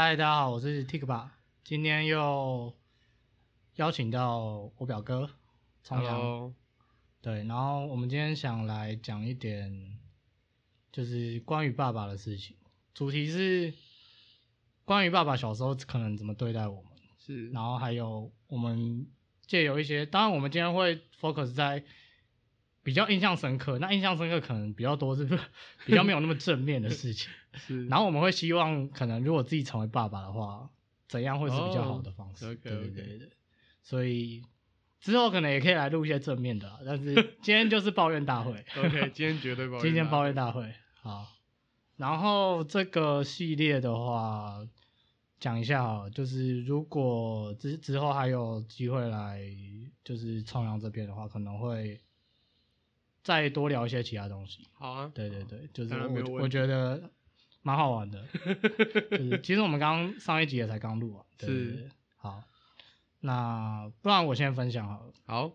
嗨，大家好，我是 Ticba，今天又邀請到我表哥，沖涼、哎。對，然後我們今天想來講一點，就是關於爸爸的事情，主題是關於爸爸小時候可能怎麼對待我們，是。然後還有我們借由一些，當然我們今天會 focus 在比較印象深刻，那印象深刻可能比較多是比較沒有那麼正面的事情。 是，然後我們會希望，可能如果自己成為爸爸的話，怎樣會是比較好的方式？Oh, okay, okay. 對對對。所以之後可能也可以來錄一些正面的啊， 但是今天就是抱怨大會。OK， 今天絕對抱怨大會。今天抱怨大會好。然後這個系列的話，講一下就是如果之之後還有機會來就是沖涼這邊的話，可能會再多聊一些其他東西。好啊，對對對，就是我，我覺得。蠻好玩的， 其實我們剛上一集也才剛錄完，是，好，那不然我先分享好了。好，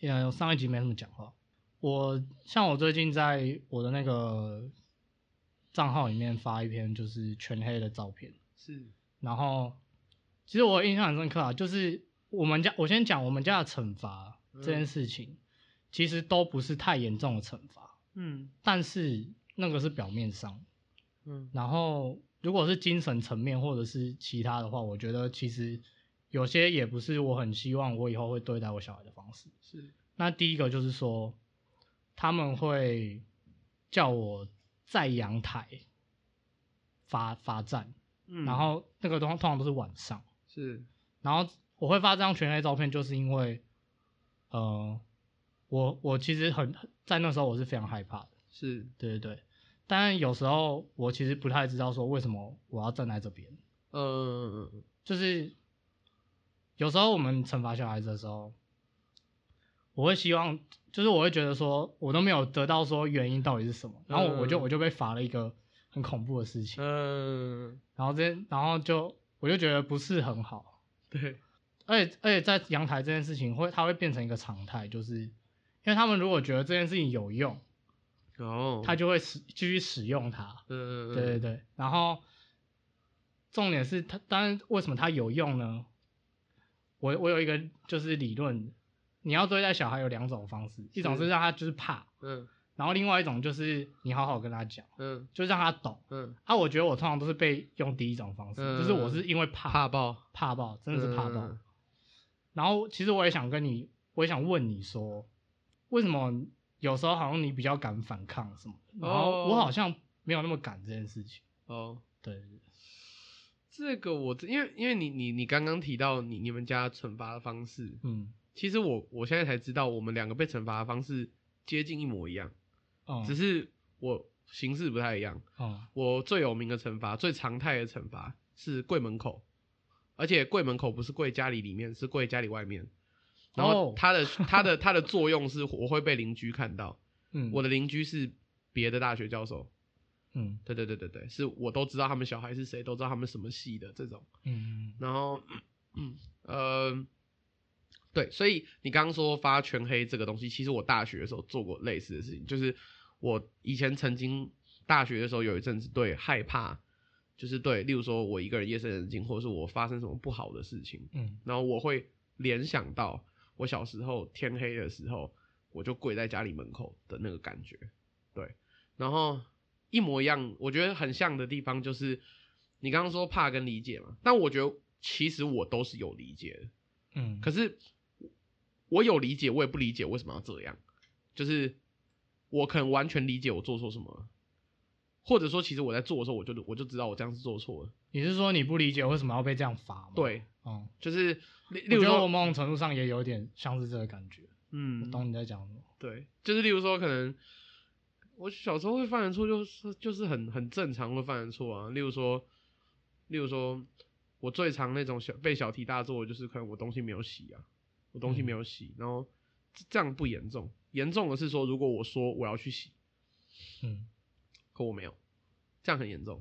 因為上一集沒怎麼講話。我像我最近在我的那個賬號裡面發一篇就是全黑的照片，是。然後其實我印象很深刻啊，就是我們家，我先講我們家的懲罰這件事情，嗯，其實都不是太嚴重的懲罰，嗯，但是那個是表面上。嗯，然後如果是精神層面或者是其他的話，我覺得其實有些也不是我很希望我以後會對待我小孩的方式。是，那第一個就是說他們會叫我在陽台罰罰站，嗯，然後那個通，通常都是晚上。是，然後我會發這張全黑照片，就是因為呃，我我其實很在那時候我是非常害怕的。是，對對對。但有時候我其實不太知道說為什麼我要站在這邊。呃，就是有時候我們懲罰小孩子的時候，我會希望，就是我會覺得說，我都沒有得到說原因到底是什麼，然後我我就我就被罰了一個很恐怖的事情。嗯，然後這然後就我就覺得不是很好。對，而且而且在陽台這件事情會它會變成一個常態，就是因為他們如果覺得這件事情有用。哦、oh，他就會使繼續使用它。嗯嗯對對對。然後重點是他，當然為什麼他有用呢？我我有一個就是理論，你要對待小孩有兩種方式，一種是讓他就是怕嗯，嗯，然後另外一種就是你好好跟他講，嗯，就讓他懂，嗯。嗯啊，我覺得我通常都是被用第一種方式，嗯、就是我是因為怕怕爆怕爆，真的是怕爆、嗯。然後其實我也想跟你，我也想問你說，為什麼？有時候好像你比較敢反抗什麼的，然後我好像沒有那麼敢這件事情哦。Oh, 對，對，對，這個我因為因為你你你剛剛提到你你們家懲罰的方式，嗯，其實我我現在才知道我們兩個被懲罰的方式接近一模一樣，哦、oh.，只是我形式不太一樣哦。Oh. 我最有名的懲罰、最常態的懲罰是跪門口，而且跪門口不是跪家裡裡面，是跪家裡外面。然後它的、oh. 它的 它的作用是，我會被鄰居看到。嗯，我的鄰居是別的大學教授。嗯，對對對對對，是我都知道他們小孩是誰，都知道他們什麼系的這種。嗯，然後，嗯，嗯呃、對，所以你剛剛說發全黑這個東西，其實我大學的時候做過類似的事情，就是我以前曾經大學的時候有一陣子對害怕，就是對，例如說我一個人夜深人靜，或者是我發生什麼不好的事情，嗯，然後我會聯想到。我小時候天黑的時候，我就跪在家裡門口的那個感覺，對，然後一模一樣。我覺得很像的地方就是，你剛剛說怕跟理解嘛，但我覺得其實我都是有理解的，嗯，可是我有理解，我也不理解為什麼要這樣，就是我可能完全理解我做錯什麼，或者說其實我在做的時候，我就我就知道我這樣是做錯了。你是說你不理解為什麼要被這樣罰嗎？對。嗯，就是例，例如說，我某種程度上也有點像是這個感覺。嗯，懂你在講什麼？對，就是例如說，可能我小時候會犯的錯、就是，就是就是很很正常會犯的錯啊。例如說，例如說我最常那種小被小題大做，就是可能我東西沒有洗啊，我東西沒有洗，嗯、然後這樣不嚴重。嚴重的是說，如果我說我要去洗，嗯，可我沒有，這樣很嚴重。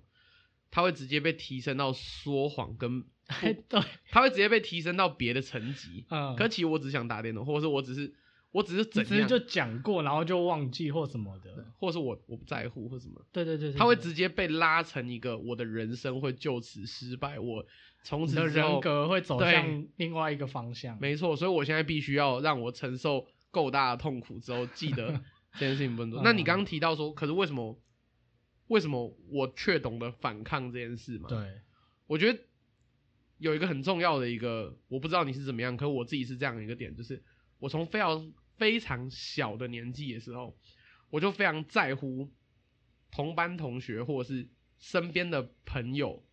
他會直接被提升到說謊，跟 對，他會直接被提升到別的層級。啊、 嗯，可其實我只想打電動，或者是我只是，我只是怎樣，只是就講過，然後就忘記或什麼的，或者是我我不在乎或什麼。對對對，他會直接被拉成一個，我的人生會就此失敗，我從此的人格會走向另外一個方向。沒錯，所以我現在必須要讓我承受夠大的痛苦之後，記得這件事情不能做。 嗯、那你剛剛提到說，可是為什麼？為什麼我卻懂得反抗這件事嘛？對，我覺得有一個很重要的一個，我不知道你是怎麼樣，可是我自己是這樣一個點，就是我從非常非常小的年紀的時候，我就非常在乎同班同學或者是身邊的朋友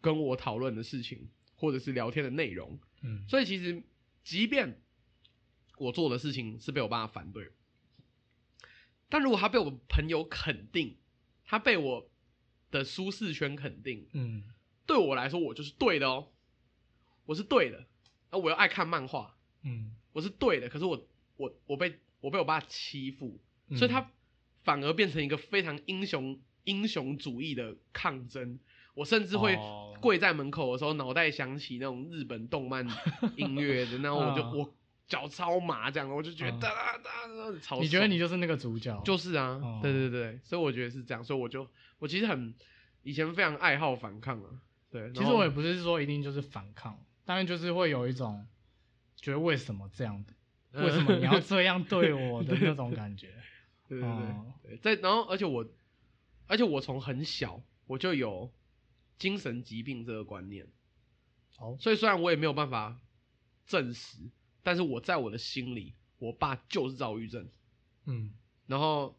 跟我討論的事情，或者是聊天的內容。嗯，所以其實即便我做的事情是被我爸爸反對。但如果他被我朋友肯定，他被我的舒適圈肯定，嗯，對我來說，我就是對的哦、喔，我是對的，啊，我又愛看漫畫，嗯，我是對的。可是我我我被我被我爸欺負、嗯，所以他反而變成一個非常英雄英雄主義的抗爭。我甚至會跪在門口的時候，腦、哦、袋想起那種日本動漫音樂的那 我就我。嗯腳超麻這樣的，我就覺得噠噠超。你覺得你就是那個主角？就是啊，哦、對對對，所以我覺得是這樣，所以我就我其實很以前非常愛好反抗啊，對，其實我也不是說一定就是反抗，當然就是會有一種覺得為什麼這樣的，嗯、為什麼你要這樣對我的那種感覺，嗯、對對對，再、哦、然後而且我而且我從很小我就有精神疾病這個觀念，哦，所以雖然我也沒有辦法證實。但是我在我的心裡，我爸就是躁鬱症，嗯，然後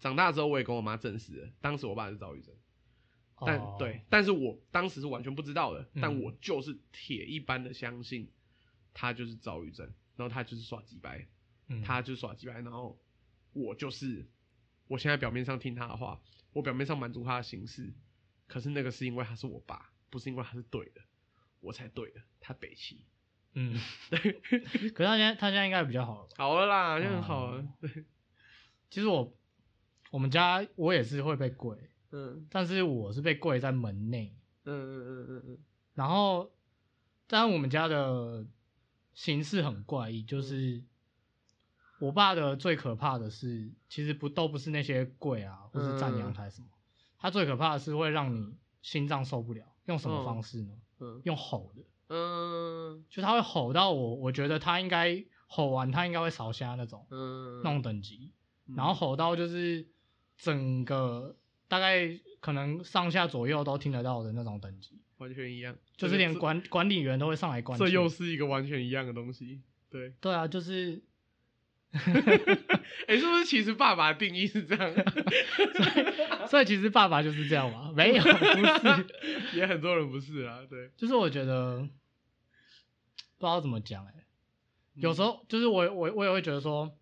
長大之後我也跟我媽證實了，當時我爸是躁鬱症，但、哦、對，但是我當時是完全不知道的，嗯、但我就是鐵一般的相信他就是躁鬱症，然後他就是耍機掰、嗯，他就是耍機掰，然後我就是我現在表面上聽他的話，我表面上滿足他的形式，可是那個是因為他是我爸，不是因為他是對的，我才對的，他北七。嗯，對 可是他家，他家應該比較好了，好了啦，就很好了，嗯。對。其實我，我們家我也是會被跪，嗯。但是我是被跪在門內。嗯嗯嗯嗯嗯。然後，但我們家的形式很怪異，就是，嗯、我爸的最可怕的是，其實不都不是那些跪啊，或是站陽台什麼嗯嗯。他最可怕的是會讓你心臟受不了，用什麼方式呢？嗯，嗯。用吼的。嗯，就他會吼到我，我覺得他應該吼完，他應該會少下那種，嗯，那種等級，然後吼到就是整個大概可能上下左右都聽得到的那種等級，完全一樣，就是連管管理員都會上來管。這又是一個完全一樣的東西，對。對啊，就是，哎， 欸，是不是其實爸爸的定義是這樣？ 所以，所以其實爸爸就是這樣嘛，沒有，不是，也很多人不是啊，對，就是我覺得。不知道怎麼講哎、欸、嗯，有時候就是我我我也會覺得說，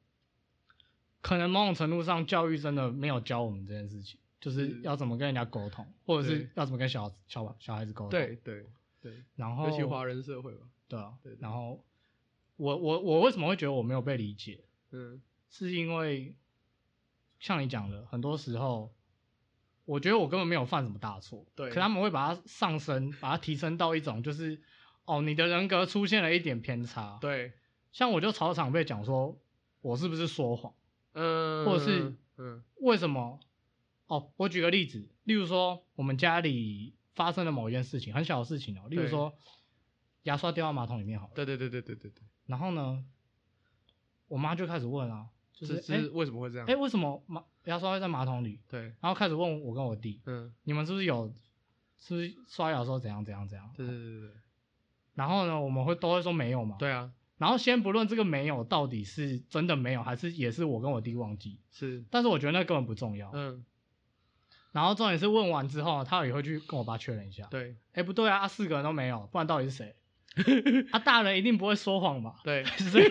可能某種程度上教育真的沒有教我們這件事情，就是要怎麼跟人家溝通、嗯，或者是要怎麼跟小小小孩子溝通對對對對、啊。對對對。然後，尤其華人社會吧。對啊。對。然後，我我我為什麼會覺得我沒有被理解？嗯。是因為，像你講的，很多時候，我覺得我根本沒有犯什麼大錯。對。可他們會把它上升，把它提升到一種就是。哦，你的人格出現了一點偏差。對，像我就常常被講說，我是不是說謊？嗯，或者是嗯，為什麼、嗯嗯？哦，我舉個例子，例如說我們家裡發生了某一件事情，很小的事情哦，例如說牙刷掉到馬桶裡面好了，好。對對對對對對對。然後呢，我媽就開始問啊，就是，是為什麼會這樣？哎、欸，為什麼牙牙刷會在馬桶裡？對。然後開始問我跟我弟，嗯，你們是不是有，是不是刷牙的時候怎樣怎樣怎樣？對對對對、哦、對，對，對，對。然後呢，我們會都會說沒有嘛？對啊。然後先不論這個沒有到底是真的沒有，還是也是我跟我弟忘記是，但是我覺得那根本不重要。嗯。然後重點是問完之後，他也會去跟我爸確認一下。對。哎、欸，不對啊，四個人都沒有，不然到底是誰？他、 啊、大人一定不會說謊吧？對， 所以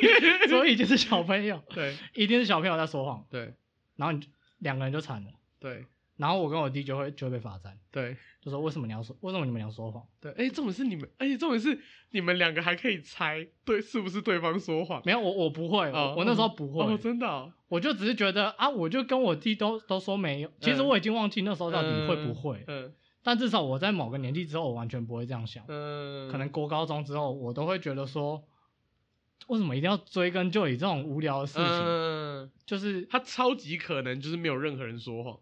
所以就是小朋友，對，一定是小朋友在說謊。對。然後你，兩個人就慘了。對。然後我跟我弟就會就會被罰站，對，就說為什麼你要說為什麼你們要說謊？對，哎、欸，重點是你們，哎、欸，這重點是你們兩個還可以猜，對，是不是對方說謊？沒有，我我不會、哦我，我那時候不會，哦嗯、哦、真的、哦，我就只是覺得啊，我就跟我弟都都說沒有，其實我已經忘記那時候到底會不會，嗯，嗯嗯，但至少我在某個年紀之後，我完全不會這樣想，嗯，可能國高中之後，我都會覺得說，為什麼一定要追根究底這種無聊的事情，嗯，就是他超級可能就是沒有任何人說謊。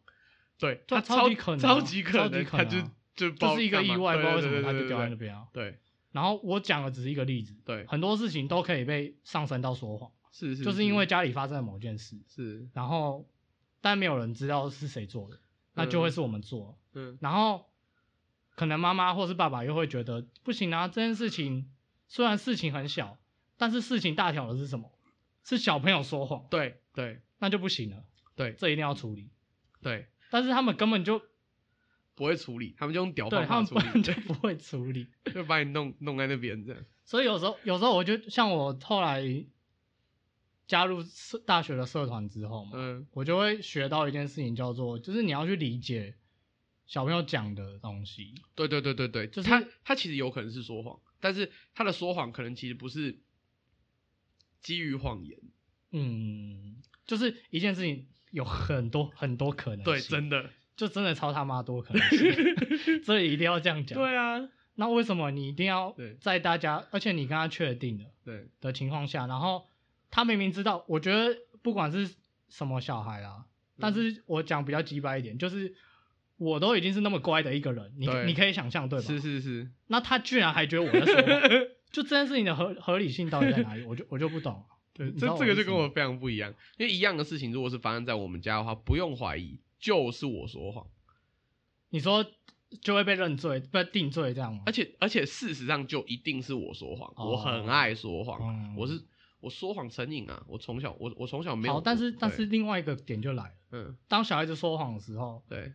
對，他超，超，級、啊、超級可能，超級可能、啊，他就就不就是一個意外，對對對對對，不知道為什麼他就掉在那邊、啊、對，對，對，對，對，然後我講的只是一個例子，對，很多事情都可以被上升到說謊，是，就是因為家裡發生了某件事，是，然後但沒有人知道是誰做的，那就會是我們做，嗯，然後可能媽媽或是爸爸又會覺得、嗯、不行啊，這件事情雖然事情很小，但是事情大條的是什麼？是小朋友說謊，對對，那就不行了，對，這一定要處理，對。但是他們根本就不會處理，他們就用屌方法處理。他們根 本就不會處理，就把你弄弄，在那邊這樣。所以有時候，有時候我就像我後來加入大學的社團之後嘛，嗯，我就會學到一件事情，叫做就是你要去理解小朋友講的東西。對對對對對，就是他他其實有可能是說謊，但是他的說謊可能其實不是基於謊言。嗯，就是一件事情。有很多很多可能性，對，真的就真的超他媽多可能性，所以 一定要這樣講。對啊，那為什麼你一定要在大家，而且你跟他確定的，對的情況下，然後他明明知道，我覺得不管是什麼小孩啊，但是我講比較直白一點，就是我都已經是那麼乖的一個人，你你可以想象對吧？是是是，那他居然還覺得我什麼， 就這件事情的合合理性到底在哪裡？我就我就不懂。對，這這個就跟我非常不一樣，因為一樣的事情，如果是發生在我們家的話，不用懷疑，就是我說謊。你說就會被認罪、被定罪，這樣嗎？而且而且，事實上就一定是我說謊、哦。我很愛說謊、嗯，我是我說謊成癮啊。我從小，我我從小沒有。好，但是但是另外一個點就來了，嗯，當小孩子說謊的時候，對，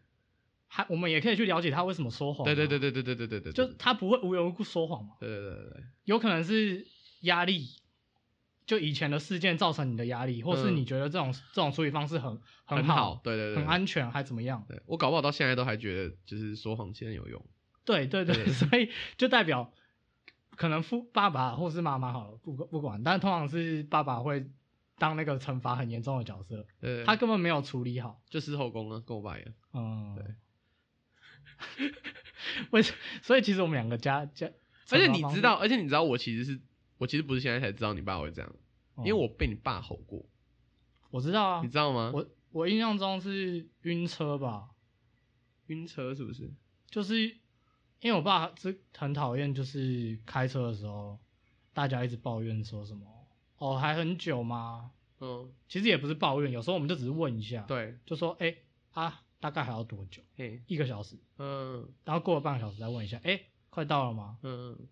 還我們也可以去了解他為什麼說謊、啊。對對對對對對對對對，就他不會無緣無故說謊嘛。對對對對，有可能是壓力。就以前的事件造成你的壓力，或是你覺得這種、嗯、這種處理方式很很好，很好，對對對，很安全對對對還怎麼樣對？我搞不好到現在都還覺得，就是說謊現在有用對對對。對對對，所以就代表可能父爸爸或是媽媽好了不不管，但通常是爸爸會當那個懲罰很嚴重的角色對對對，他根本沒有處理好，就事後功了，夠白了。嗯，對。為什 所以其實我們兩個家家，而且你知道，而且你知道我其實是。我其實不是現在才知道你爸會這樣，嗯，因為我被你爸吼過。我知道啊，你知道嗎？我我印象中是暈車吧？暈車是不是？就是因為我爸是很討厭，就是開車的時候大家一直抱怨說什麼？哦，還很久嗎？嗯，其實也不是抱怨，有時候我們就只是問一下，對，就說哎，啊，大概還要多久？嗯，一個小時。嗯，然後過了半個小時再問一下，哎，快到了嗎？嗯。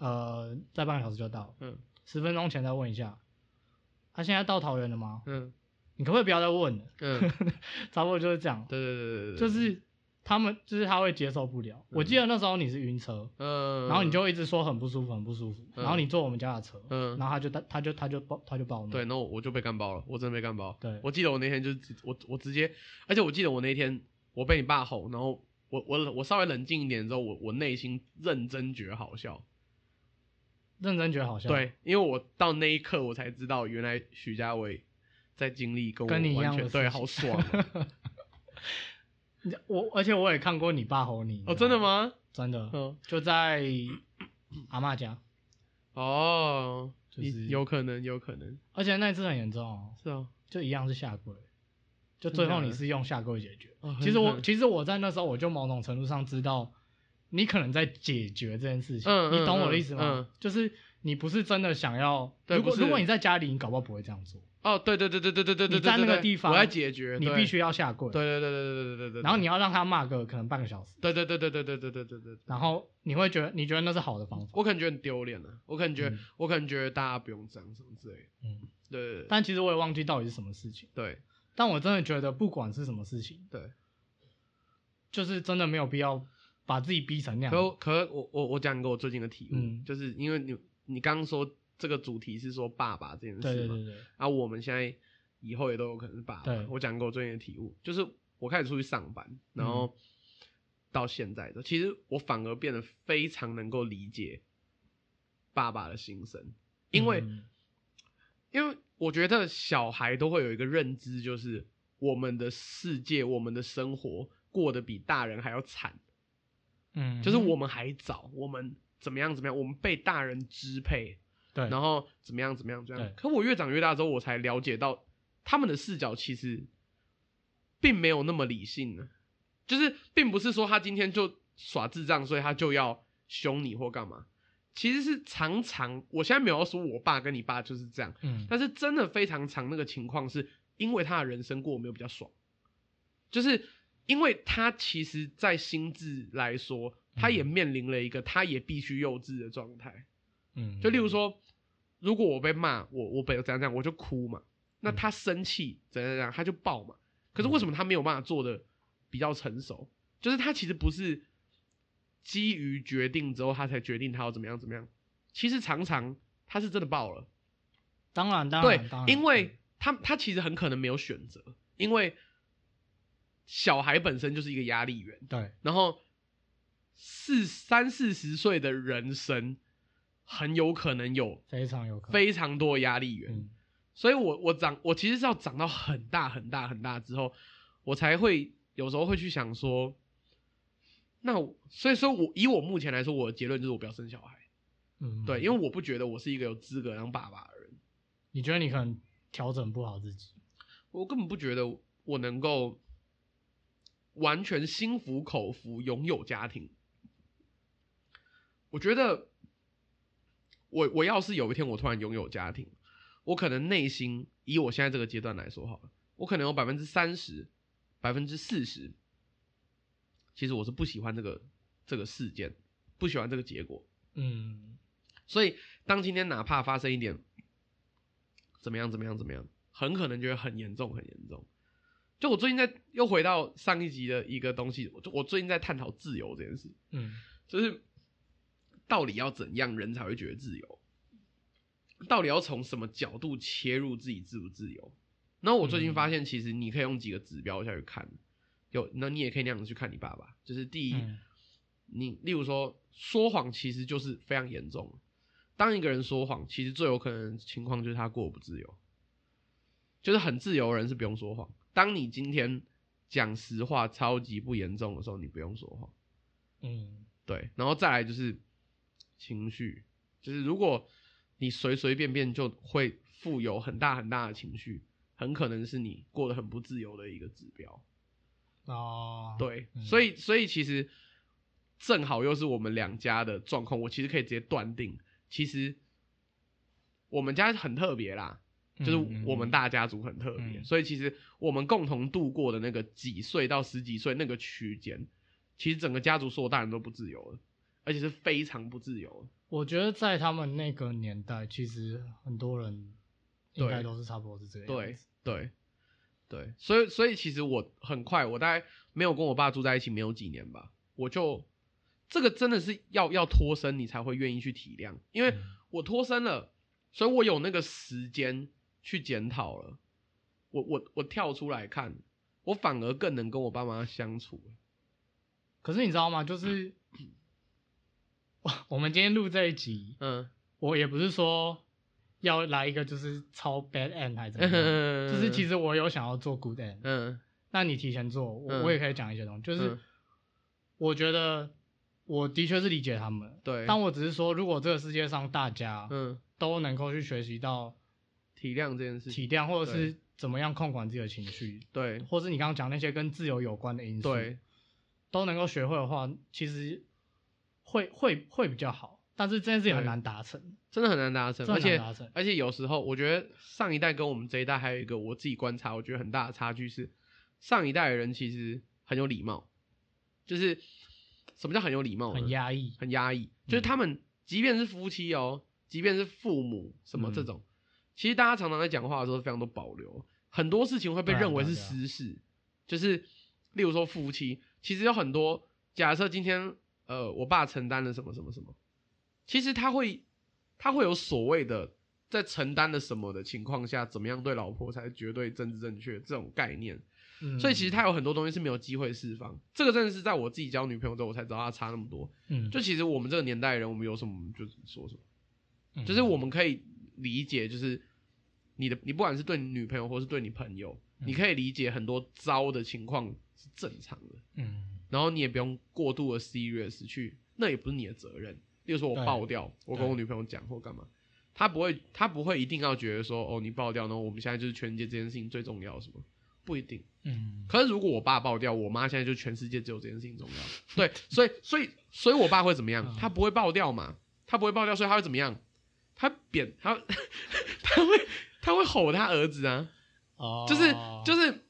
呃，再半個小時就到。嗯，十分鐘前再問一下，他、啊、現在到桃園了嗎？嗯，你可不可以不要再問了？嗯， 差不多就是這樣。對對對對對,對，就是他們，就是他會接受不了。嗯、我記得那時候你是暈車，嗯，然後你就一直說很不舒服，很不舒服，嗯、然後你坐我們家的車，嗯，然後他就他他就他就爆他就爆。對，然後我就被幹爆了，我真的被幹爆。對，我記得我那天就我我直接，而且我記得我那天我被你爸吼，然後我我我稍微冷靜一點之後，我我內心認真覺得好笑。認真覺得好像。對，因為我到那一刻我才知道，原來許家偉在經歷跟我完全你一樣。的對，好爽、啊。 我而且我也看過你爸吼你，你。哦，真的嗎？真的，哦、就在阿嬤家。哦，就是有可能，有可能。而且那次很嚴重。哦，是哦，就一樣是下跪，就最後你是用下跪解決。啊、其實我其實我在那時候我就某種程度上知道。你可能在解決這件事情，嗯、你懂我的意思嗎、嗯嗯。就是你不是真的想要。如果如果你在家裡，你搞不好不會這樣做。哦，對對對對對對對對，你在那個地方，對對對對，我在解決。你必須要下跪。對對對對對對對對。然後你要讓他罵個可能半個小時。對對對對對對對對對對。然後你會覺得你覺得那是好的方法？我可能覺得很丟臉了。我感覺、嗯、我感覺大家不用這樣，什麼之類的。嗯，對，對，對，對。但其實我也忘記到底是什麼事情。對，但我真的覺得不管是什麼事情，對，就是真的沒有必要。把自己逼成那樣可。可可我我我講過我最近的體悟，嗯、就是因為你你剛剛說這個主題是說爸爸這件事嘛，然後、啊、我們現在以後也都有可能是爸爸。我講過我最近的體悟，就是我開始出去上班，然後到現在、嗯、其實我反而變得非常能夠理解爸爸的心聲，因為、嗯、因為我覺得小孩都會有一個認知，就是我們的世界，我們的生活過得比大人還要慘。嗯，就是我們還早、嗯，我們怎麼樣怎麼樣，我們被大人支配，對，然後怎麼樣怎麼樣這樣。可我越長越大之後，我才了解到他們的視角其實並沒有那麼理性呢。就是並不是說他今天就耍智障，所以他就要凶你或幹嘛。其實是常常，我現在沒有要說我爸跟你爸就是這樣，嗯，但是真的非常常那個情況是因為他的人生過得沒有比較爽，就是。因為他其實，在心智來說，他也面臨了一個他也必須幼稚的狀態。嗯，就例如說，如果我被罵，我我被怎樣怎樣，我就哭嘛。那他生氣、嗯、怎樣怎樣，他就爆嘛。可是為什麼他沒有辦法做得比較成熟、嗯，就是他其實不是基於決定之後，他才決定他要怎麼樣怎麼樣。其實常常他是真的爆了。當然，當然，對，因為他、嗯、他其實很可能沒有選擇，因為。小孩本身就是一個壓力源，對。然後四三四十歲的人生，很有可能有非常有非常多壓力源，所以我我長我其實是要長到很大很大很大之後，我才會有時候會去想說，那所以說我，我以我目前來說，我的結論就是我不要生小孩，嗯，對，因為我不覺得我是一個有資格當爸爸的人。你覺得你可能調整不好自己？我根本不覺得我能夠。完全心服口服，擁有家庭。我覺得我，我我要是有一天我突然擁有家庭，我可能內心，以我現在這個階段來說好了，我可能有百分之三十、百分之四十，其實我是不喜歡這個這個事件，不喜歡這個結果。嗯，所以當今天哪怕發生一點，怎麼樣怎麼樣怎麼樣，很可能就會很嚴重，很嚴重。就我最近在又回到上一集的一個東西，我我最近在探討自由這件事，嗯，就是到底要怎樣人才會覺得自由，到底要從什麼角度切入自己自不自由？那我最近發現，其實你可以用幾個指標下去看，有，那你也可以那樣子去看你爸爸。就是第一，嗯，你例如說說謊其實就是非常嚴重，當一個人說謊，其實最有可能情況就是他過不自由，就是很自由的人是不用說謊。當你今天講實話超級不嚴重的時候，你不用說話。嗯，對。然後再來就是情緒，就是如果你隨隨便便就會富有很大很大的情緒，很可能是你過得很不自由的一個指標。哦，對。嗯、所以，所以其實正好又是我們兩家的狀況。我其實可以直接斷定，其實我們家很特別啦。就是我們大家族很特別，嗯，所以其實我們共同度過的那個幾歲到十幾歲那個區間，其實整個家族所有大人都不自由的，而且是非常不自由。我覺得在他們那個年代，其實很多人應該都是差不多是這樣。對對對，所以所以其實我很快，我大概沒有跟我爸住在一起沒有幾年吧，我就這個真的是要要脫身，你才會願意去體諒，因為我脫身了，所以我有那個時間。去檢討了，我我我跳出來看，我反而更能跟我爸媽相處。可是你知道嗎？就是，我們今天錄這一集，嗯，我也不是說要來一個就是超 bad end 還是怎麼樣、嗯、就是其實我有想要做 good end。嗯，那你提前做，我、嗯、我也可以講一些東西。就是我覺得我的確是理解他們，對，但我只是說，如果這個世界上大家嗯都能夠去學習到。體諒這件事，體諒或者是怎麼樣控管自己的情緒，對，或是你剛剛講那些跟自由有關的因素，對，都能夠學會的話，其實會會會比較好。但是這件事也很難達成,成，真的很難達成，而且而且有時候我覺得上一代跟我們這一代還有一個我自己觀察，我覺得很大的差距是，上一代的人其實很有禮貌，就是什麼叫很有禮貌？很壓抑，很壓抑、嗯，就是他們即便是夫妻哦、喔，即便是父母什麼這種。嗯其實大家常常在講話的時候非常的保留，很多事情會被認為是私事，啊啊啊、就是例如說夫妻，其實有很多假設今天呃我爸承擔了什麼什麼什麼，其實他會他會有所謂的在承擔了什麼的情況下，怎麼樣對老婆才絕對政治正確這種概念、嗯，所以其實他有很多東西是沒有機會釋放。這個真的是在我自己交女朋友之後我才知道他差那麼多。嗯，就其實我們這個年代的人，我們有什麼我們就說什麼，就是我們可以理解就是。你的你不管是對你女朋友，或是對你朋友，嗯，你可以理解很多糟的情況是正常的。嗯，然後你也不用過度的 serious 去，那也不是你的責任。例如說我爆掉，我跟我女朋友講或幹嘛，他不會，他不會一定要覺得說，哦，你爆掉，然後我們現在就是全世界這件事情最重要，是嗎？不一定。嗯，可是如果我爸爆掉，我媽現在就全世界只有這件事情重要。 對，所以，所以，所以我爸會怎麼樣？他不會爆掉嘛？他不會爆掉，所以他會怎麼樣？他扁他， 他會。他會吼他兒子啊，oh. 就是就是，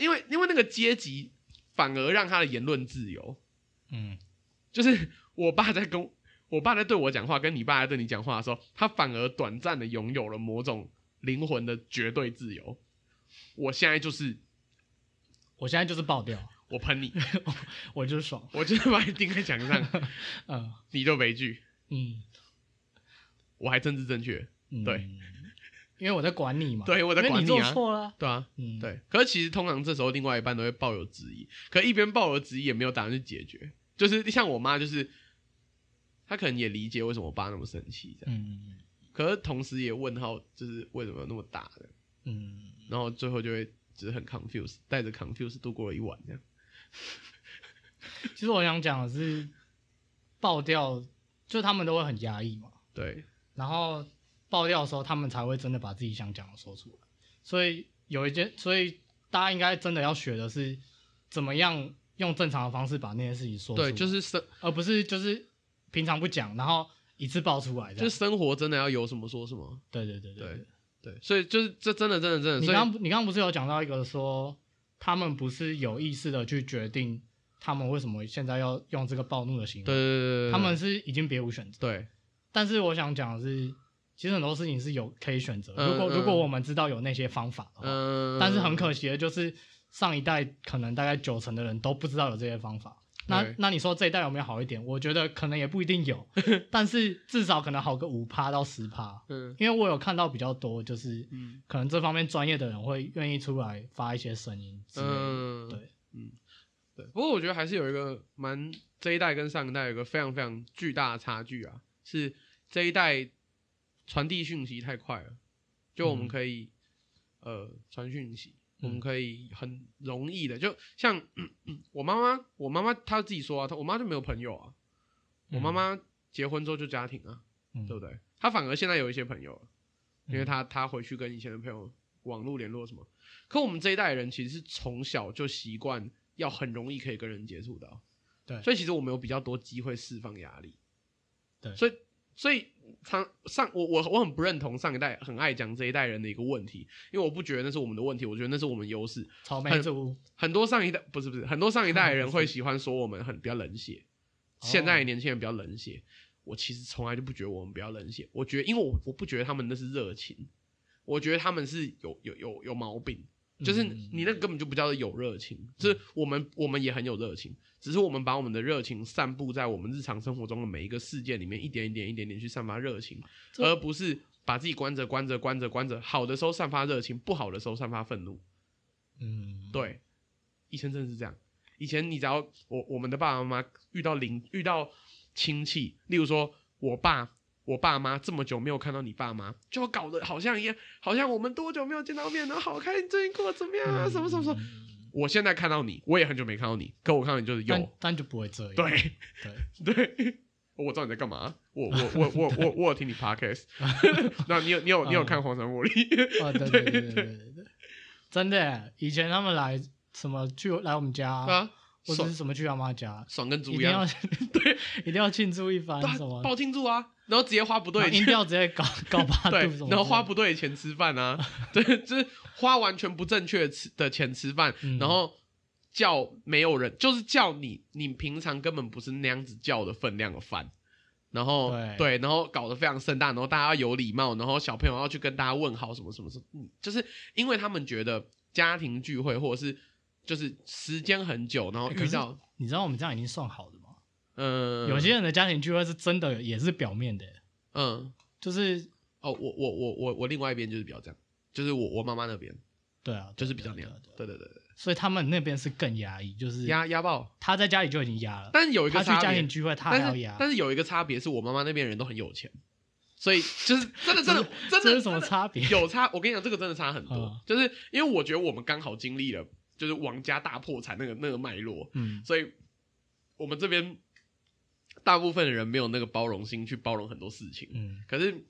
因為因為那個階級，反而讓他的言論自由。嗯、mm.，就是我爸在跟我爸在對我講話，跟你爸在對你講話的時候，他反而短暫的擁有了某種靈魂的絕對自由。我現在就是，我現在就是爆掉，我噴你， 我就是爽，我就是把你釘在牆上，嗯、 uh.，你就悲劇，嗯、mm.，我還政治正確，mm. 對。因為我在管你嘛，對，我在管你做錯了、啊。啊、對啊，嗯、對。可是其實通常這時候，另外一半都會抱有質疑，可一邊抱有質疑，也沒有打算去解決。就是像我媽，就是她可能也理解為什麼我爸那麼生氣這樣，嗯。可是同時也問號，就是為什麼要那麼大的，嗯。然後最後就會就是很 confuse 帶着 confuse 度過了一晚這樣。其實我想講的是，爆掉，就他們都會很壓抑嘛。對，然後。爆料的時候，他們才會真的把自己想講的說出來。所以有一件，所以大家應該真的要學的是，怎麼樣用正常的方式把那些事情說出來。對，就是生，而不是就是平常不講，然後一次爆出來。就是生活真的要有什麼說什麼。對對對對對，對，對，對，對，所以就是這真的真的真的。你剛你剛不是有講到一個說，他們不是有意識的去決定他們為什麼現在要用這個暴怒的行為。對對對，對。他們是已經別無選擇。對。但是我想講的是。其實很多事情是有可以選擇。如果、嗯、如果我們知道有那些方法的話、嗯，但是很可惜的就是上一代可能大概九成的人都不知道有這些方法。嗯、那那你說這一代有沒有好一點？我覺得可能也不一定有，呵呵但是至少可能好個五趴到十趴。嗯，因為我有看到比較多，就是可能這方面專業的人會願意出來發一些聲音之類的。嗯，對，嗯，對。不過我覺得還是有一個蠻這一代跟上一代有一個非常非常巨大的差距啊，是這一代。傳遞訊息太快了，就我們可以、嗯、呃傳訊息、嗯，我們可以很容易的，就像我媽媽，我媽媽她自己說啊，她我媽就沒有朋友啊，我媽媽結婚之後就家庭啊、嗯，對不對？她反而現在有一些朋友了，因為她她回去跟以前的朋友網絡聯絡什麼，可我們這一代人其實是從小就習慣要很容易可以跟人接觸到、啊，對，所以其實我們有比較多機會釋放壓力，對，所以。所以，上上我我我很不認同上一代很愛講這一代人的一個問題，因為我不覺得那是我們的問題，我覺得那是我們優勢。超美。很多很多上一代不是不是很多上一代人會喜歡說我們很比較冷血，啊、現在的年輕人比較冷血。哦、我其實從來就不覺得我們比較冷血，我覺得因為我我不覺得他們那是熱情，我覺得他們是有有有有毛病。就是你那個根本就不叫做有熱情，嗯，就是我們我們也很有熱情，嗯，只是我們把我們的熱情散布在我們日常生活中的每一個事件裡面，一點一點、一點點去散發熱情，啊，而不是把自己關着、關着、關着、關着。好的時候散發熱情，不好的時候散發憤怒。嗯，對，以前真的是這樣。以前你只要我我們的爸爸媽媽遇到鄰遇到親戚，例如說我爸。我爸媽這麼久沒有看到你爸媽，就搞得好像一樣，好像我們多久沒有見到面了，好開心，最近過怎麼樣？嗯、什麼什麼什麼、嗯嗯？我現在看到你，我也很久沒看到你，可我看到你就是有，但就不會這樣。對對對, 對，我知道你在幹嘛。我我我我我我有聽你 Podcast，那 你有你有、嗯、你有看《黃沙萬里》啊、 哦？對對對對對,對,對對對對，真的。以前他們來什麼去來我們家。啊或者是什麼去阿媽家，爽，爽跟豬一樣，一定要 對，一定要慶祝一番抱、啊、慶祝啊，然後直接花不對的錢，啊，一定要直接搞搞趴 然後花不對的錢吃飯啊， 對，就是花完全不正確的的錢吃飯，嗯，然後叫沒有人，就是叫你，你平常根本不是那樣子叫的分量的飯，然後對，對，然後搞得非常盛大，然後大家要有禮貌，然後小朋友要去跟大家問好什麼什麼什麼，嗯、就是因為他們覺得家庭聚會或者是。就是時間很久，然後遇到、欸、你知道我們這樣已經算好的嗎？呃、嗯，有些人的家庭聚會是真的也是表面的。嗯，就是哦，我我我我我另外一邊就是比較這樣，就是我我媽媽那邊，對啊，就是比較那樣。對、啊對，啊對，啊對，啊、對對對。所以他們那邊是更壓抑，就是壓壓爆，他在家裡就已經壓了。但是有一個他去家庭聚會，他還要壓。但是有一個差別是我媽媽那邊人都很有錢，所以就是真的真的 真的有什麼差別？有差，我跟你講，這個真的差很多、嗯，就是因為我覺得我們剛好經歷了。就是王家大破產那個那個脈絡，嗯，所以我們這邊大部分的人沒有那個包容心去包容很多事情，嗯。可是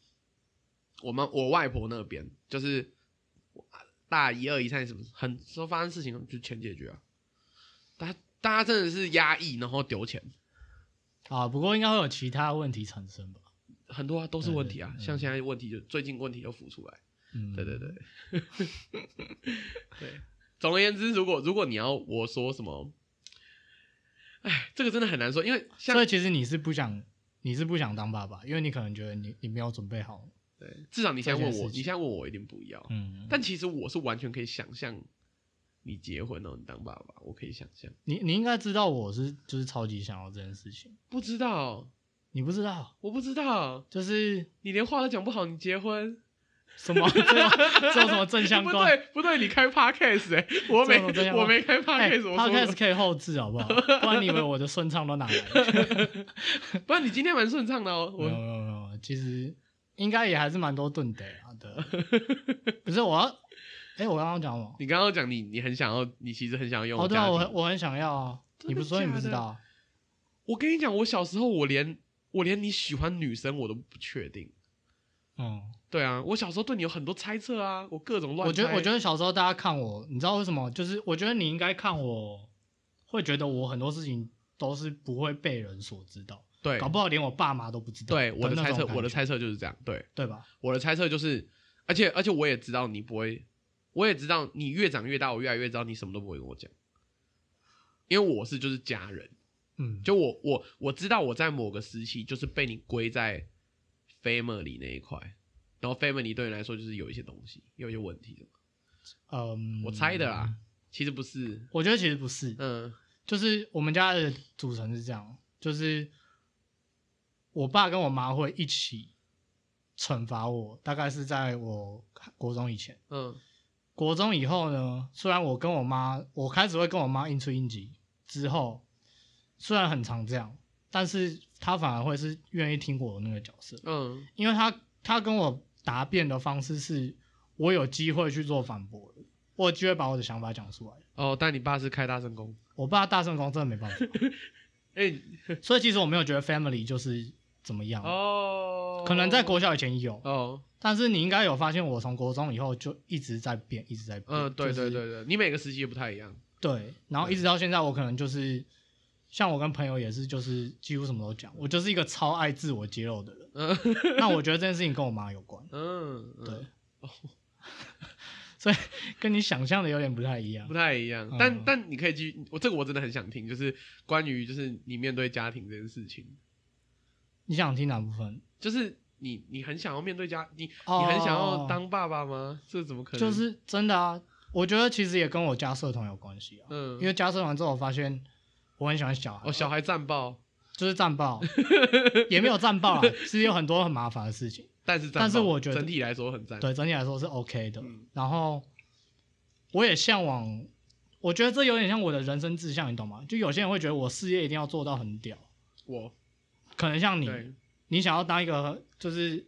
我們我外婆那邊就是大姨二姨三姨什麼，很多時候發生事情就全解決啊。大家大家真的是壓抑，然後丟錢啊。不過應該會有其他問題產生吧？很多啊，都是問題啊，對對對。像現在問題就最近問題就浮出來。嗯，對對對， 對。總而言之，如果如果你要我說什麼，哎，這個真的很難說，因為現在其實你是不想你是不想當爸爸，因為你可能覺得你你沒有準備好，對，至少你現在問我，你現在問我，我一定不要，嗯，嗯，但其實我是完全可以想象你結婚了，你當爸爸，我可以想象，你你應該知道我是就是超級想要這件事情，不知道，你不知道，我不知道，就是你連話都講不好，你結婚。什 麼？這這有什麼正相關？ 不對，不對，你開 podcast、欸、我沒 我沒開 podcast，podcast、hey, podcast 可以後製好不好？不然你以為我的順暢都哪來？ 不然你今天蠻順暢的哦。沒、no, no, no, no, 其實應該也還是蠻多頓的。欸。好的，可是我要，哎、欸，我剛剛講什麼？你剛剛講你你很想要，你其實很想要用。哦，對，我很我很想要。啊你不說你不知道？我跟你講，我小時候我連我連你喜歡女生我都不確定。哦、嗯。對啊，我小時候對你有很多猜測啊，我各種亂。我覺得，我覺得小時候大家看我，你知道為什麼？就是我覺得你應該看我，會覺得我很多事情都是不會被人所知道，對，搞不好連我爸媽都不知道對。對，我的猜測，我的猜測就是這樣，對，對吧？我的猜測就是，而且而且我也知道你不會，我也知道你越長越大，我越來越知道你什麼都不會跟我講，因為我是就是家人，嗯，就我我我知道我在某個時期就是被你歸在 family 裡那一塊。然後 Family 對你來說就是有一些東西，有一些問題的。嗯、um，我猜的啦，啊，其實不是。我覺得其實不是。嗯，就是我們家的組成是這樣，就是我爸跟我媽會一起懲罰我，大概是在我國中以前。嗯，國中以後呢，雖然我跟我媽，我開始會跟我媽硬出硬擠之後，雖然很常這樣，但是他反而會是願意聽我的那個角色。嗯，因為他他跟我。答辯的方式是我有機會去做反駁，我有機會把我的想法講出來。哦，但你爸是開大聲公，我爸大聲公真的沒辦法。哎、 欸，所以其實我沒有覺得 family 就是怎麼樣哦，可能在國小以前有哦，但是你應該有發現，我從國中以後就一直在變，一直在變。嗯，對對對對，就是、你每個時期也不太一樣。對，然後一直到現在，我可能就是。像我跟朋友也是，就是幾乎什麼都講。我就是一個超愛自我揭露的人。那、嗯、我覺得這件事情跟我媽有關。嗯，對。嗯哦、 所以跟你想象的有點不太一樣。不太一樣。但、嗯、但你可以繼續，我這個我真的很想聽，就是關於就是你面對家庭這件事情，你想聽哪部分？就是你你很想要面對家，你、哦、你很想要當爸爸嗎？這怎麼可能？就是真的啊！我覺得其實也跟我加社團有關係啊。嗯，因為加社團之後我發現。我很喜歡小孩，我、哦、小孩戰報就是戰報， 也沒有戰報啊，是有很多很麻煩的事情。但是戰報，但是我覺得整體來說很讚，對整體來說是 OK 的。嗯、然後我也嚮往，我覺得這有點像我的人生志向，你懂嗎？就有些人會覺得我事業一定要做到很屌，我可能像你，你想要當一個就是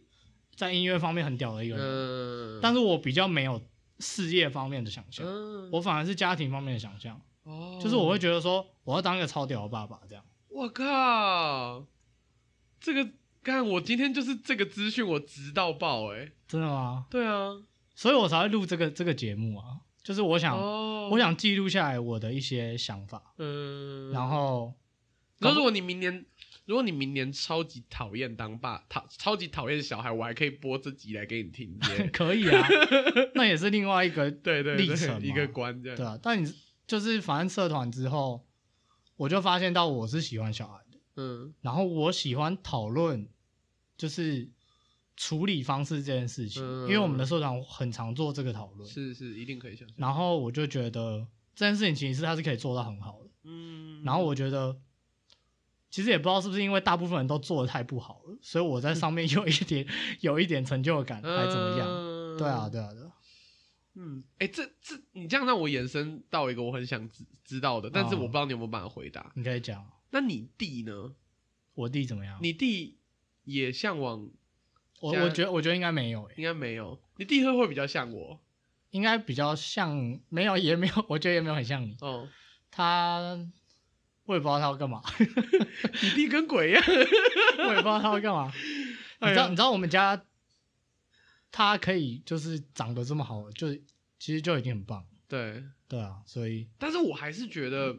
在音樂方面很屌的一個人、呃，但是我比較沒有事業方面的想象、呃，我反而是家庭方面的想象哦、oh，就是我會覺得說，我要當一個超屌的爸爸這樣。我靠，這個，看我今天就是這個資訊，我直到爆哎、欸！真的嗎？對啊，所以我才會錄這個這個節目啊，就是我想，oh, 我想記錄下來我的一些想法。嗯、呃，然後，那如、如果你明年，如果你明年超級討厭當爸，超超級討厭小孩，我還可以播這集來給你聽。 可以啊， 那也是另外一個對對歷程一個關這樣。對啊，但你。就是反正社團之後，我就發現到我是喜歡小孩的，嗯，然後我喜歡討論，就是處理方式這件事情、嗯，因為我們的社團很常做這個討論，是是一定可以想想。然後我就覺得這件事情其實是他是可以做到很好的，嗯。然後我覺得其實也不知道是不是因為大部分人都做的太不好了，所以我在上面有一點、嗯、 有一點成就感還怎麼樣？嗯、對啊對啊對啊。嗯，哎、欸，這這，你這樣讓我延伸到一個我很想知知道的、哦，但是我不知道你有沒有辦法回答。應該講，那你弟呢？我弟怎麼樣？你弟也嚮往？我我覺得我覺得應該沒有、欸，應該沒有。你弟會不會比較像我？應該比較像，沒有也沒有，我覺得也沒有很像你。哦，他我也不知道他會幹嘛。你弟跟鬼一樣，我也不知道他會幹嘛。 你 會嘛、哎。你知道你知道我們家？他可以就是長得這麼好，就其實就已經很棒。對，對啊，所以但是我還是覺得，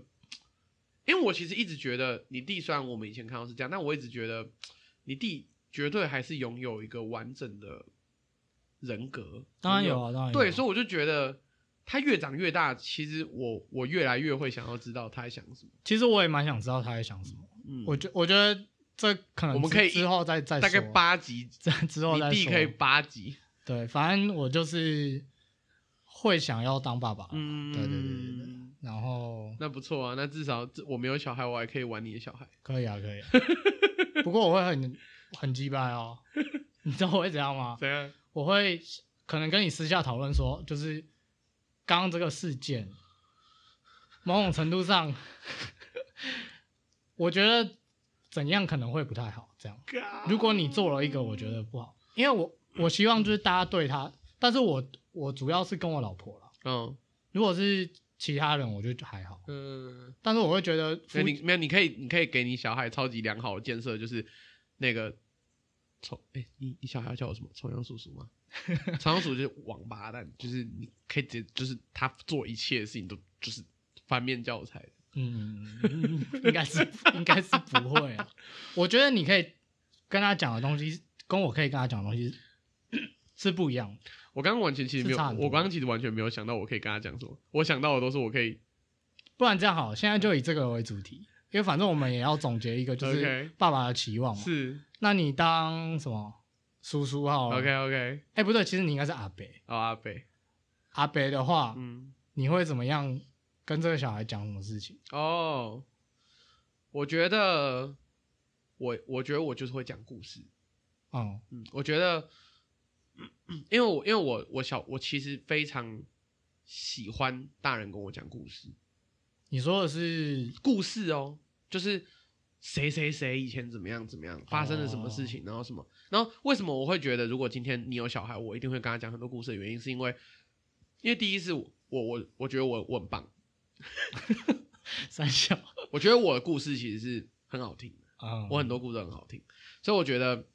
因為我其實一直覺得你弟，雖然我們以前看到是這樣，但我一直覺得你弟絕對還是擁有一個完整的人格。當然有啊，當然有啊。對，所以我就覺得他越長越大，其實我我越來越會想要知道他在想什麼。其實我也蠻想知道他在想什麼。嗯，我覺我覺得。這可能我們可以之後再再大概八集，之後再，再，之後再你弟可以八集，對，反正我就是會想要當爸爸。嗯，對對對對對。然後那不錯啊，那至少我沒有小孩，我還可以玩你的小孩。可以啊，可以啊。 不過我會很很擊敗哦，你知道我會怎樣嗎？怎樣？我會可能跟你私下討論說，就是剛剛這個事件，某種程度上， 我覺得。怎樣可能會不太好？這樣，如果你做了一個，我覺得不好，因為我我希望就是大家對他，但是我我主要是跟我老婆啦。嗯，如果是其他人，我覺得就還好。嗯，但是我會覺得福，沒沒有，你可以，你可以給你小孩超級良好的建設，就是那個丑，哎、欸，你你小孩叫我什麼？醜洋叔叔嗎？醜洋 叔就是王八蛋，就是你可以直接就是他做一切的事情都就是反面教材。嗯，嗯，應該是應該是不會啊。 我覺得你可以跟他講的東西，跟我可以跟他講的東西是，是不一樣的。我剛剛完全其實沒有，啊、我剛剛其實完全沒有想到我可以跟他講什麼。我想到的都是我可以。不然這樣好，現在就以這個為主題，因為反正我們也要總結一個，就是爸爸的期望嘛。是。Okay. 那你當什麼叔叔好？OK OK。哎，不對，其實你應該是阿北。哦、oh, 阿北。阿北的話，嗯，你會怎麼樣？跟這個小孩講什麼事情？哦，我覺得我，我我覺得我就是會講故事。Oh. 嗯，我覺得，因為我，我因為我我小我其實非常喜歡大人跟我講故事。你說的是故事哦，就是誰誰誰以前怎麼樣怎麼樣，發生了什麼事情，然後什麼，oh. 然後為什麼我會覺得，如果今天你有小孩，我一定會跟他講很多故事的原因，是因為，因為第一次我我我覺得我我很棒。 三小，我覺得我的故事其實是很好聽的啊。Um, 我很多故事很好聽，所以我覺得，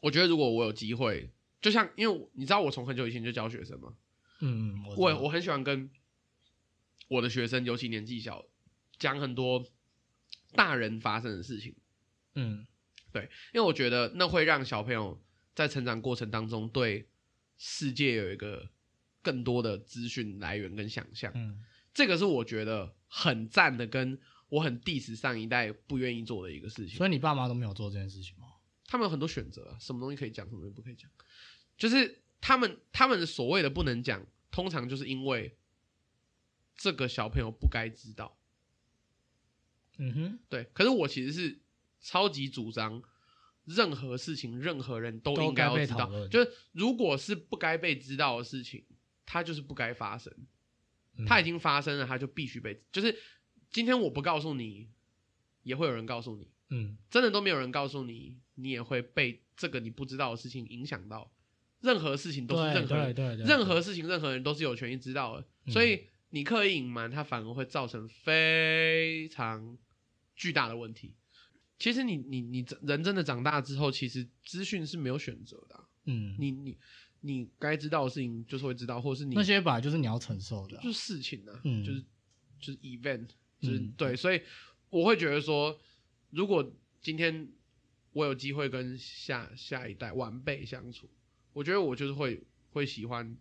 我覺得如果我有機會，就像因為你知道，我從很久以前就教學生嘛，嗯，我我，我很喜歡跟我的學生，尤其年紀小，講很多大人發生的事情。嗯，對，因為我覺得那會讓小朋友在成長過程當中對世界有一個更多的資訊來源跟想象。嗯。這個是我覺得很讚的，跟我很第時上一代不願意做的一個事情。所以你爸媽都沒有做這件事情嗎？他們有很多選擇啊，什麼東西可以講，什麼東西不可以講，就是他們他們所謂的不能講，通常就是因為這個小朋友不該知道。嗯哼，對。可是我其實是超級主張，任何事情任何人都應該要知道，該被討論，就是如果是不該被知道的事情，它就是不該發生。嗯、它已經發生了，它就必須被。就是今天我不告訴你，也會有人告訴你。嗯，真的都沒有人告訴你，你也會被這個你不知道的事情影響到。任何事情都是任何人對對對，對，任何事情任何人都是有權利知道的。嗯。所以你刻意隱瞞，它反而會造成非常巨大的問題。其實你你你人真的長大之後，其實資訊是沒有選擇的，啊。嗯，你你。你該知道的事情就是會知道，或是你那些本來就是你要承受的、啊，就是事情啊，嗯、就是就是 event，就是、嗯、對，所以我會覺得說，如果今天我有機會跟下下一代晚輩相處，我覺得我就是會會喜歡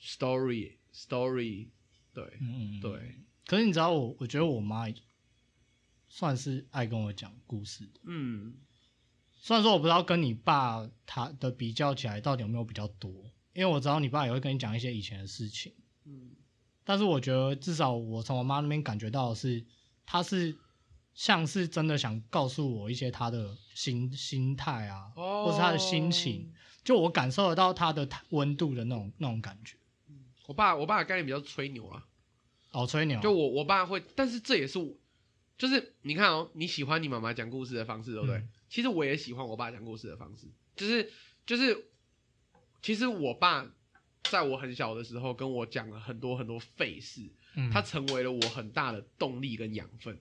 story story，對、嗯、對。可是你知道我，我覺得我媽算是愛跟我講故事的，嗯。雖然說我不知道跟你爸他的比較起來到底有沒有比較多，因為我知道你爸也會跟你講一些以前的事情，嗯，但是我覺得至少我從我媽那邊感覺到的是，他是像是真的想告訴我一些他的心心態啊，哦，或是他的心情，就我感受得到他的溫度的那種那種感覺。我爸我爸的概念比較吹牛啊，老，哦，吹牛，就我我爸會，但是這也是我。就是你看哦，你喜歡你媽媽講故事的方式，對不對？嗯。其實我也喜歡我爸講故事的方式，就是就是，其實我爸在我很小的時候跟我講了很多很多費事，嗯，他成為了我很大的動力跟養分。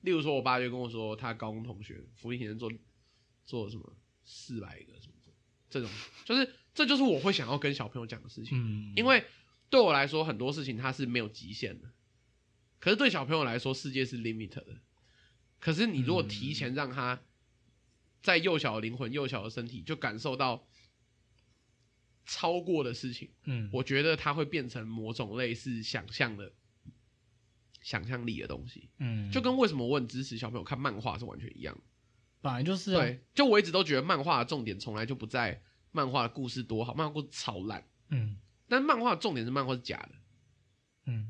例如說，我爸就跟我說，他高中同學伏地挺身做做了什麼四百個什麼什麼這種，就是這就是我會想要跟小朋友講的事情，嗯，因為對我來說很多事情他是沒有極限的。可是對小朋友來說，世界是 limit 的。可是你如果提前讓他在幼小的靈魂、幼小的身體就感受到超過的事情，嗯，我覺得他會變成某種類似想象的想象力的東西，嗯，就跟為什麼我很支持小朋友看漫畫是完全一樣，本來就是、啊、對。就我一直都覺得漫畫的重點從來就不在漫畫故事多好，漫畫故事超爛，嗯，但漫畫重點是漫畫是假的。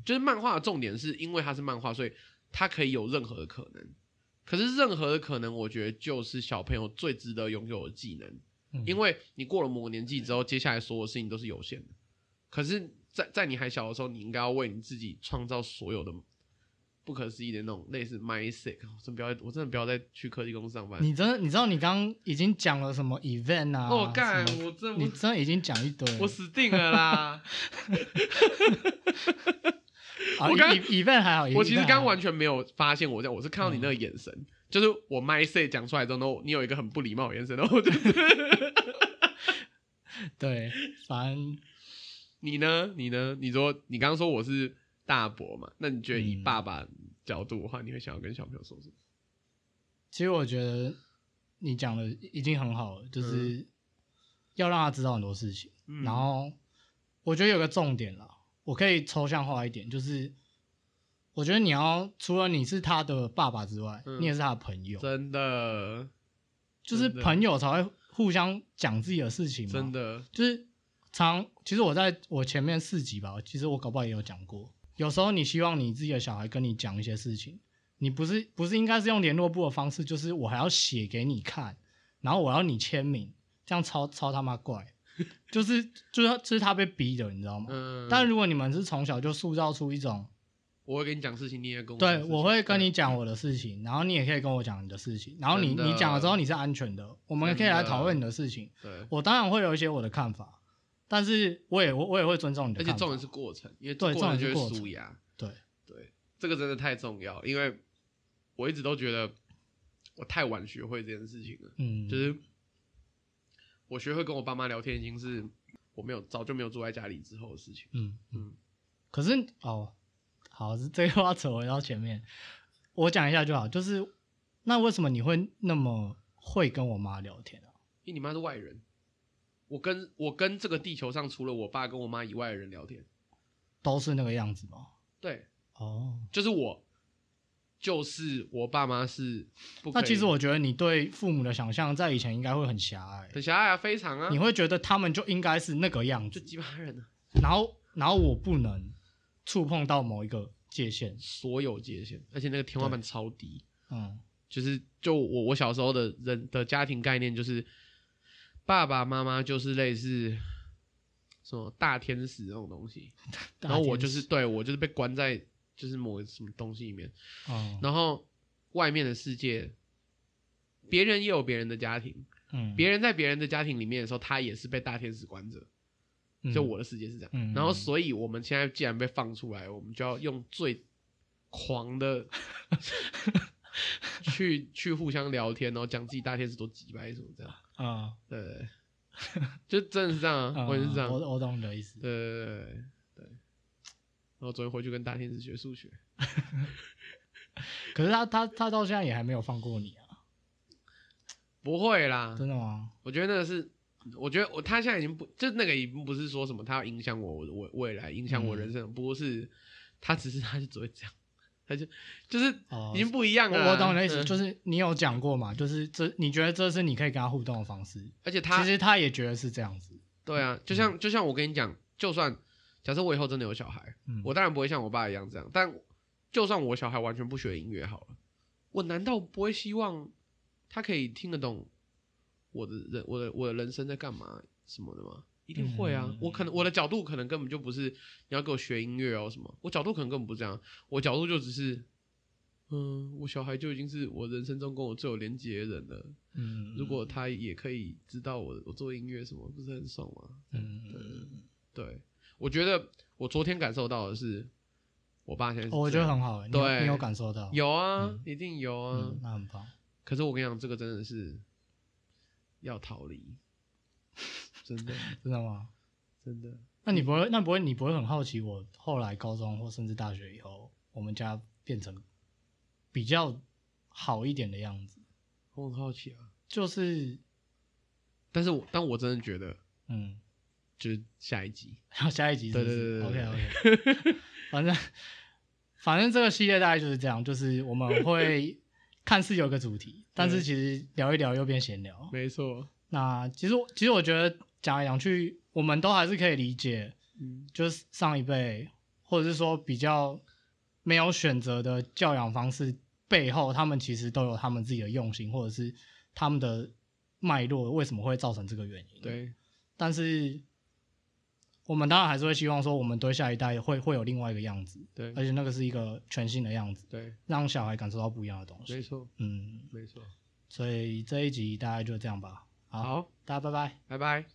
就是漫畫的重點是因為它是漫畫，所以它可以有任何的可能。可是任何的可能，我覺得就是小朋友最值得擁有的技能，因為你過了某個年紀之後，接下來所有的事情都是有限的。可是，在在你還小的時候，你應該要為你自己創造所有的。不可思議的那種，類似 my sick，我真不要我真的不要再去科技公司上班。你真，你知道你剛剛已經講了什麼 event 啊？我、oh, 幹，我真的我，你真的已經講一堆，我死定了啦！ oh, 我剛、e、event 還好，我其實剛完全沒有發現我這樣，我是看到你那個眼神，嗯、就是我 my sick 講出來之後，然後你有一個很不禮貌的眼神，然後就， 對，煩。你呢？你呢？你說你剛剛說我是。大伯嘛，那你覺得以爸爸角度的話、嗯，你會想要跟小朋友說什麼？其實我覺得你講的已經很好了，就是要讓他知道很多事情。嗯、然後我覺得有個重點啦，我可以抽象化一點，就是我覺得你要除了你是他的爸爸之外，嗯、你也是他的朋友，真的，就是朋友才會互相講自己的事情。真的，就是常其實我在我前面四集吧，其實我搞不好也有講過。有時候你希望你自己的小孩跟你講一些事情，你不是不是應該是用聯絡簿的方式，就是我還要寫給你看，然後我要你簽名，這樣超超他媽怪、 就是，就是就是就是他被逼的，你知道嗎？嗯、但如果你們是從小就塑造出一種，我會跟你講事情，你也跟我對，我會跟你講我的事情，然後你也可以跟我講你的事情，然後你你講了之後你是安全的，我們可以來討論你的事情。對，我當然會有一些我的看法。但是我也我我也會尊重你的，而且重要的是過程，因為過程就是舒壓。對對，對，這個真的太重要，因為我一直都覺得我太晚學會這件事情了。嗯，就是我學會跟我爸媽聊天，已經是我沒有早就沒有住在家裡之後的事情。嗯嗯，可是哦，好，是這個要扯回到前面，我講一下就好。就是那為什麼你會那麼會跟我媽聊天啊？因為你媽是外人。我跟我跟這個地球上除了我爸跟我媽以外的人聊天，都是那個樣子嗎？對，哦，就是我，就是我爸媽是不可。那其實我覺得你對父母的想象在以前應該會很狹隘，很狹隘啊，非常啊，你會覺得他們就應該是那個樣子，就幾把人啊。然後，然後我不能觸碰到某一個界限，所有界限，而且那個天花板超低。嗯，就是就我我小時候的人的家庭概念就是。爸爸媽媽就是類似什麼大天使這種東西，然後我就是對我就是被關在就是某什麼東西裡面，然後外面的世界，別人也有別人的家庭，嗯，別人在別人的家庭裡面的時候，他也是被大天使關着，就我的世界是這樣，然後所以我們現在既然被放出來，我們就要用最狂的去去互相聊天然後講自己大天使多幾百什麼這樣。啊、uh, 對，對、對，就真的是這樣。啊，uh, 我也是這樣。我我懂你的意思。對對對對、對、對然後昨天回去跟大天使學數學， 可是他他他到現在也還沒有放過你啊！不會啦，真的嗎？我覺得那個是，我覺得我他現在已經不，就那個已經不是說什麼他要影響我我未來，影響我人生，嗯、不過是他只是他就只會這樣。還是就是已經不一樣了。啊我，我懂你的意思，嗯、就是你有講過嘛，就是這你覺得這是你可以跟他互動的方式，而且他其實他也覺得是這樣子。對啊，就像，嗯、就像我跟你講，就算假設我以後真的有小孩，嗯、我當然不會像我爸一樣這樣，但就算我小孩完全不學音樂好了，我難道不會希望他可以聽得懂我的人我的我的人生在幹嘛什麼的嗎？一定會啊！嗯、我可能我的角度可能根本就不是你要給我學音樂哦什麼，我角度可能根本不是這樣，我角度就只是，嗯，我小孩就已經是我人生中跟我最有連結的人了，嗯，如果他也可以知道我我做音樂什麼，不是很爽嗎？嗯，對，我覺得我昨天感受到的是，我爸現在我覺得很好、欸，對，你有，對，你有感受到？有啊，嗯、一定有啊、嗯，那很棒。可是我跟你講，這個真的是要逃離。 真的，真的嗎？真的。那你不會，那不會，你不會很好奇我後來高中或甚至大學以後，我們家變成比較好一點的樣子？我很好奇啊，就是，但是我，但我真的覺得，嗯，就是下一集，然 後下一集是不是，對對對，對，對，OK OK， 反正反正這個系列大概就是這樣，就是我們會看似有個主題， 但是其實聊一聊一又變閒聊，沒錯。那其實其實我覺得。講來講去，我們都還是可以理解，嗯，就是上一輩，或者是說比較沒有選擇的教養方式背後，他們其實都有他們自己的用心，或者是他們的脈絡，為什麼會造成這個原因？對。但是我們當然還是會希望說，我們對下一代會會有另外一個樣子，對，而且那個是一個全新的樣子，對，讓小孩感受到不一樣的東西。沒錯，嗯，沒錯。所以這一集大概就這樣吧。好，好，大家拜拜，拜拜。